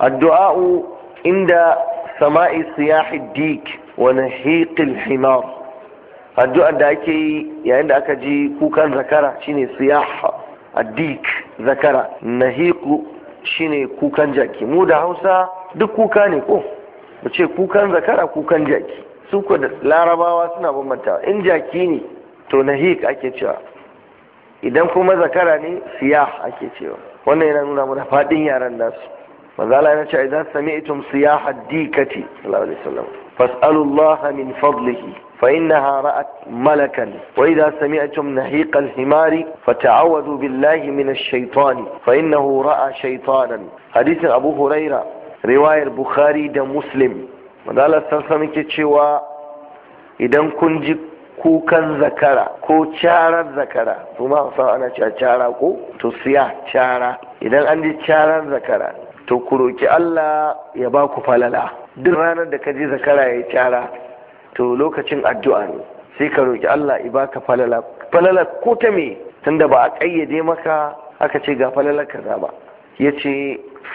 addu'a'u inda sama'i siyahi dik wa nahiqil himar addu'ar da ake yi yayin da aka ji kukan zakara shine siyah addik zakara nahiqu shine kukan jaki mu da Hausa duk kuka ne ko mu ce kukan zakara kukan jaki su da larabawa suna bambanta in jaki ne to nahiq ake cewa idan kuma zakara ne siyah ake cewa wannan yana nuna mana faɗin yaran nasu manzo Allah ya ce idan sami'tum siyaha dikati sallallahu alaihi wasallam fas'alu Allah min fadlihi fa innaha ra'at malakan wa idza sami'tum nahiq al-himari fata'awadu billahi min ash-shaytan fa innahu ra'a shaytanan hadisin Abu Huraira riwayar Bukhari da Muslim manzo Allah sallallahu alaihi cewa idan kun ji kukan zakara ko carar zakara su ma ana cewa cara ko to siya cara idan an ji carar zakara to ku roki Allah ya ba ku falala duk ranar da ka je zakara ya cara to lokacin addu'a ne sai ka roki Allah ya baka falala falala ko ta me tunda ba a kayyade maka aka ce ga falala kaza ba yace